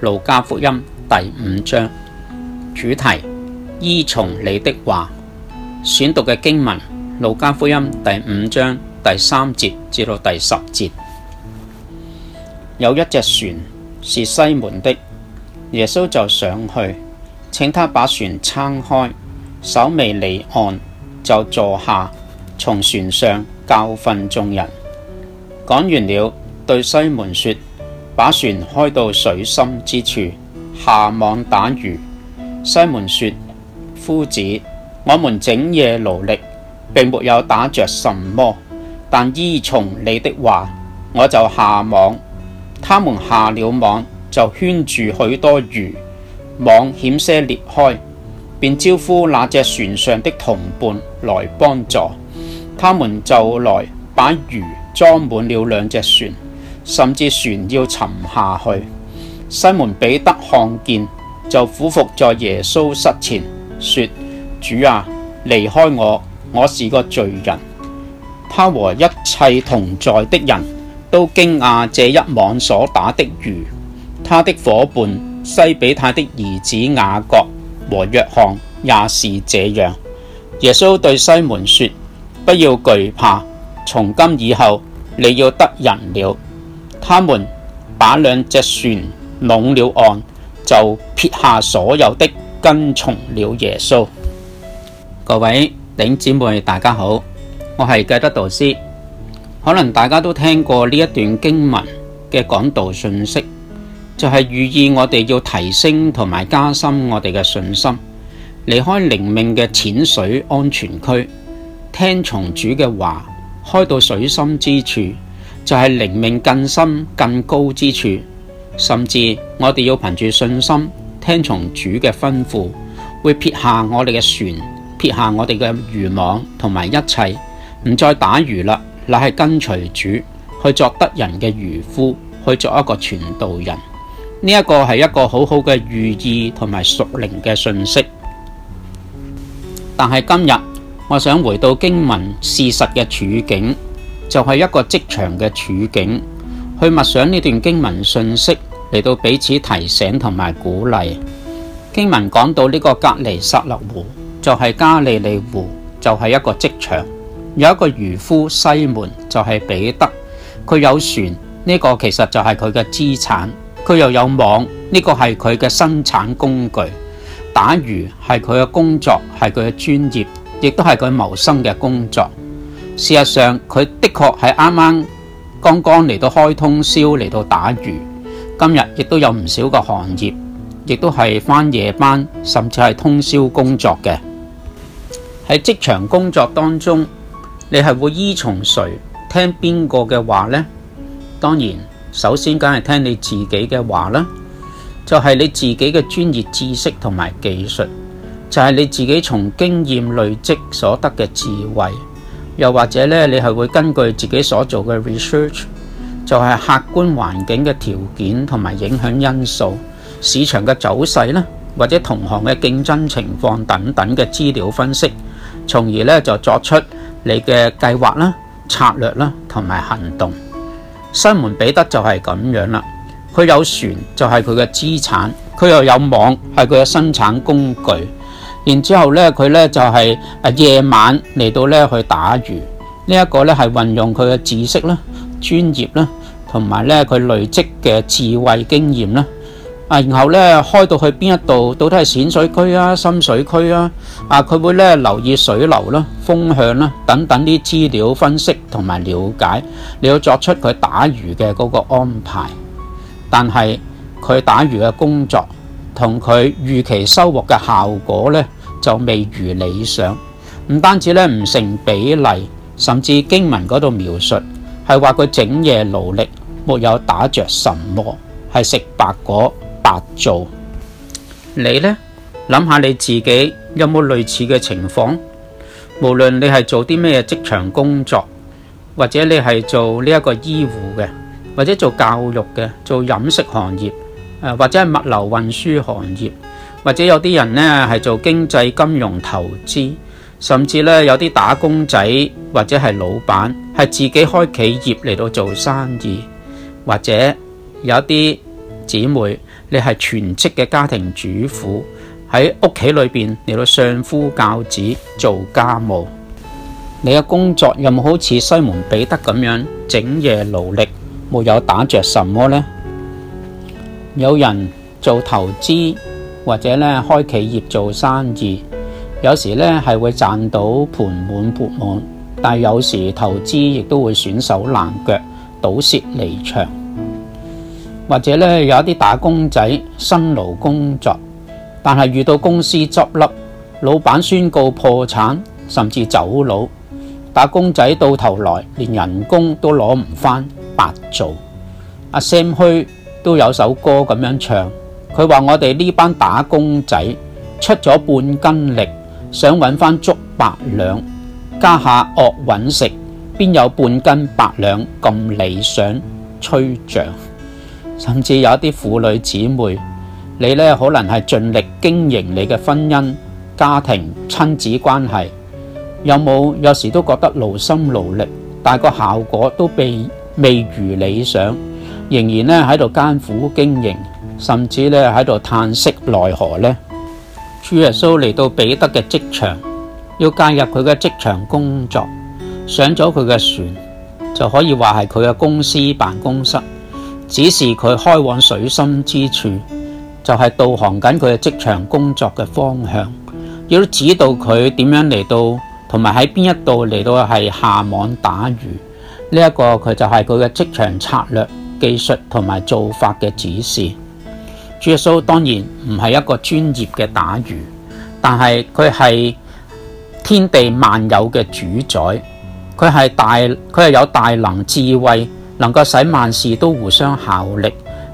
路加福音第五章主題：依從祢的話。選讀嘅經文：路加福音第五章第三節至到第十節。有一隻船是西門的，耶穌就上去，請他把船撐開，稍微離岸就坐下，從船上教訓眾人。講完了，對西門說。把船開到水深之處，下網打魚。西門說：夫子，我們整夜勞力，並沒有打着什麼，但依從你的話，我就下網。他們下了網，就圈住許多魚，網險些裂開，便招呼那隻船上的同伴來幫助。他們就來把魚裝滿了兩隻船。甚至船要沉下去。西門彼得看見，就俯伏在耶穌膝前說：主啊，離開我，我是個罪人。他和一切同在的人都驚訝這一網所打的魚。他的夥伴西庇太的兒子雅各和約翰也是這樣。耶穌對西門說：不要懼怕，從今以後你要得人了。他們把兩隻船攏了岸，就撇下所有的跟從了耶穌。各位頂姊妹，大家好，我係記得導師。可能大家都聽過呢一段經文嘅講道信息，就係、是、寓意，我哋要提升同埋加深我哋嘅信心，離開靈命嘅淺水安全區，聽從主嘅話，開到水深之處。就係靈命更深、更高之處，甚至我哋要憑住信心聽從主嘅吩咐，會撇下我哋嘅船、撇下我哋嘅漁網同埋一切，唔再打魚啦，乃係跟隨主去作得人嘅漁夫，去作一個傳道人。呢、這個、一個係一個好好嘅寓意，同埋屬靈嘅信息。但係今日，我想回到經文事實嘅處境。就係一個職場嘅處境，去默想呢段經文信息，嚟到彼此提醒同埋鼓勵。經文講到呢個革尼撒勒湖，就係、是、加利利湖，就係、是、一個職場。有一個漁夫西門，就係、是、彼得，佢有船，呢、這個其實就係佢嘅資產；佢又有網，呢、這個係佢嘅生產工具。打魚係佢嘅工作，係佢嘅專業，亦都係佢謀生嘅工作。事實上，佢的確係啱啱剛剛嚟到開通宵嚟到打魚，今日亦都有唔少個行業，亦都係返夜班，甚至係通宵工作嘅。喺職場工作當中，你係會依從誰，聽邊個嘅話呢？當然，首先梗係聽你自己嘅話啦，就係你自己嘅專業知識同埋技術，就係你自己從經驗累積所得嘅智慧。又或者咧，你係會根據自己所做嘅 research，就係客觀環境嘅條件同埋影響因素、市場嘅走勢咧，或者同行嘅競爭情況等等嘅資料分析，從而咧就作出你嘅計劃啦、策略啦同埋行動。西門彼得就係咁樣啦，佢有船就係佢嘅資產，佢又有網係佢嘅生產工具。然之後咧，佢咧就係啊夜晚嚟到咧去打魚，呢一個咧係運用佢嘅知識啦、專業啦，同埋咧佢累積嘅智慧經驗啦。啊，然後咧開到去邊一度，到底係淺水區啊、深水區啊？啊，佢會咧留意水流啦、風向啦等等啲資料分析同埋了解，你要作出佢打魚嘅嗰個安排。但係佢打魚嘅工作同佢預期收穫嘅效果咧，就未如理想，唔單止咧唔成比例，甚至經文嗰度描述係話佢整夜勞力，沒有打着什麼，係食白果白做。你呢，諗下你自己有冇類似嘅情況？無論你係做啲咩職場工作，或者你係做呢一個醫護嘅，或者做教育嘅，做飲食行業，或者係物流運輸行業。或者有啲人呢，係做經濟、金融、投資，甚至呢，有啲打工仔或者係老闆，係自己開企業嚟到做生意。或者有啲姊妹，你係全職嘅家庭主婦喺屋企裏邊嚟到相夫教子做家務。你嘅工作有冇好似西門彼得咁樣整夜勞力，沒有打着什麼呢？有人做投資。或者咧開企業做生意，有時咧係會賺到盆滿缽滿，但有時投資亦都會損手爛腳，倒蝕離場。或者咧有一啲打工仔辛勞工作，但係遇到公司執笠、老闆宣告破產，甚至走佬，打工仔到頭來連人工都攞唔翻，白做。阿 Sam 許都有首歌咁樣唱。佢話：我哋呢班打工仔出咗半斤力，想揾翻足百兩，家下惡揾食，邊有半斤八兩咁理想？吹漲。甚至有一啲婦女姊妹，你呢可能係盡力經營你嘅婚姻、家庭、親子關係，有冇有，有時都覺得勞心勞力，但個效果都未未如理想，仍然呢喺度艱苦經營。甚至咧喺度嘆息，探奈何呢？主耶穌嚟到彼得嘅職場，要介入佢嘅職場工作，上咗佢嘅船就可以話係佢嘅公司辦公室。指示佢開往水深之處，就係、是、導航緊佢嘅職場工作嘅方向，要指導佢點樣嚟到，同埋喺邊一度嚟到係下網打魚呢？一、這個佢就係佢嘅職場策略、技術同埋做法嘅指示。主耶穌當然唔係一個專業嘅打魚，但係佢係天地萬有嘅主宰，佢係大佢係有大能智慧，能夠使萬事都互相效力，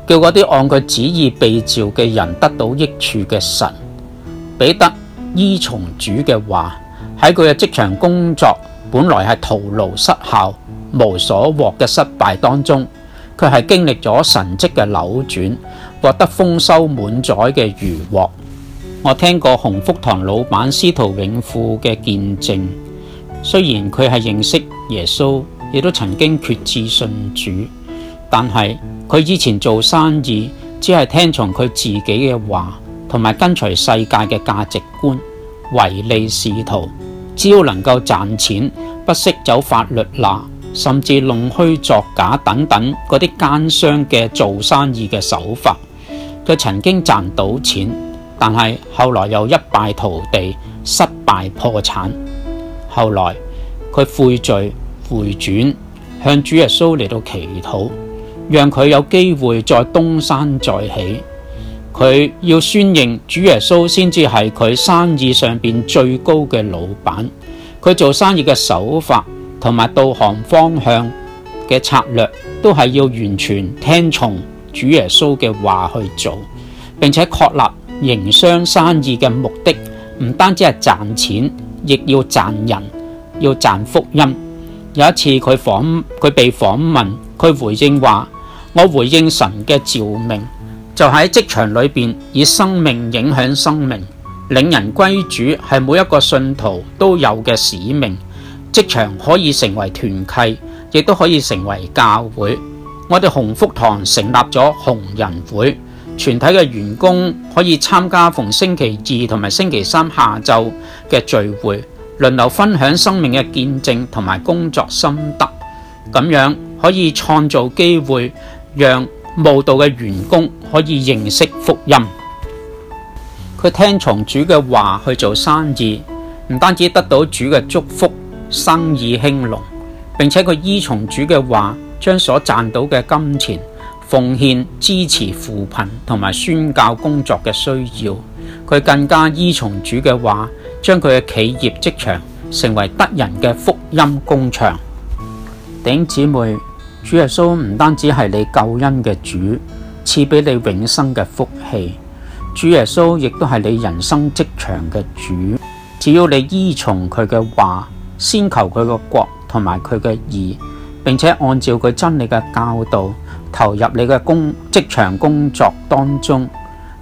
叫嗰啲按佢旨意被召嘅人得到益處嘅神。彼得依從主嘅話喺佢嘅職場工作，本來係徒勞失效、無所獲嘅失敗當中，佢係經歷咗神跡嘅扭轉。獲得豐收滿載嘅漁獲，我聽過鴻福堂老闆司徒永富嘅見證。雖然佢係認識耶穌，亦都曾經決志信主，但係佢以前做生意只係聽從佢自己嘅話，同埋跟隨世界嘅價值觀，唯利是圖，只要能夠賺錢，不惜走法律罅，甚至弄虛作假等等嗰啲奸商嘅做生意嘅手法。佢曾經賺到錢，但係後來又一敗塗地，失敗破產。後來佢悔罪回轉，向主耶穌嚟到祈禱，讓佢有機會再東山再起。佢要宣認主耶穌先至係佢生意上邊最高嘅老闆。佢做生意嘅手法同埋導航方向嘅策略，都係要完全聽從。主耶穌嘅話去做，並且確立營商生意嘅目的，唔單止係賺錢，亦要賺人，要賺福音。有一次，佢訪，佢被訪問，佢回應話：我回應神嘅召命，就喺、是、職場裏邊以生命影響生命，令人歸主係每一個信徒都有嘅使命。職場可以成為團契，亦都可以成為教會。我哋鴻福堂成立咗鴻人會，全體嘅員工可以參加逢星期二同埋星期三下晝嘅聚會，輪流分享生命嘅見證同埋工作心得，咁樣可以創造機會，讓慕道嘅員工可以認識福音。佢聽從主嘅話去做生意，唔單止得到主嘅祝福，生意興隆，並且佢依從主嘅話。將所賺到嘅金錢奉獻，支持扶貧同埋宣教工作嘅需要，佢更加依從主嘅話，將佢嘅企業職場成為得人嘅福音工場。頂姊妹，主耶穌唔單止係你救恩嘅主，賜俾你永生嘅福氣，主耶穌亦都係你人生職場嘅主。只要你依從佢嘅話，先求佢嘅國同埋佢嘅義。並且按照佢真理嘅教導，投入你嘅工職場工作當中，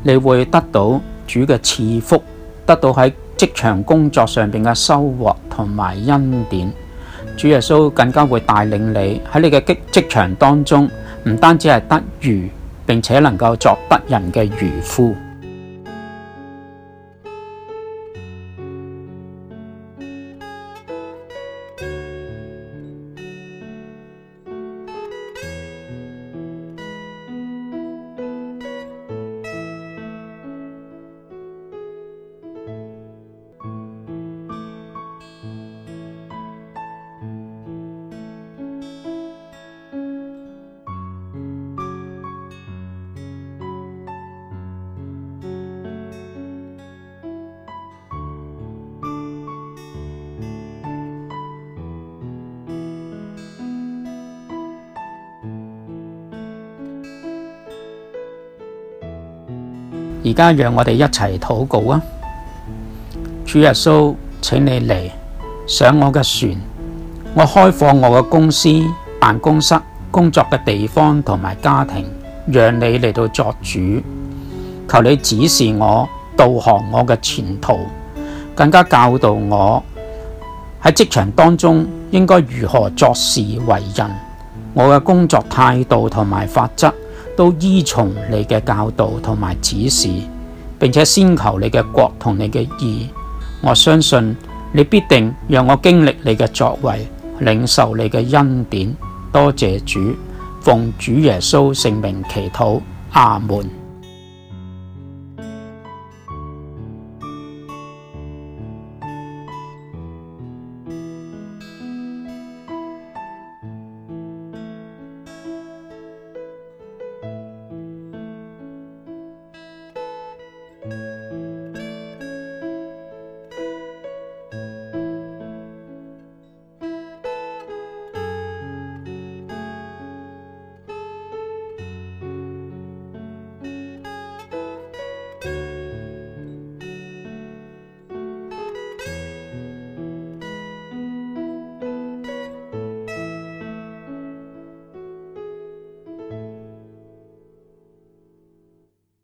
你會得到主嘅賜福，得到喺職場工作上邊嘅收穫同埋恩典。主耶穌更加會帶領你喺你嘅職場當中，唔單止係得魚，並且能夠作得人嘅漁夫。而家讓我哋一齊禱告啊！主耶穌，請你嚟上我嘅船，我開放我嘅公司、辦公室、工作嘅地方同埋家庭，讓你嚟到作主。求你指示我，導航我嘅前途，更加教導我喺職場當中應該如何作事為人，我嘅工作態度同埋法則，都依從你嘅教導同埋指示，並且先求你嘅國同你嘅義。我相信你必定讓我經歷你嘅作為，領受你嘅恩典。多謝主，奉主耶穌聖名祈禱，阿門。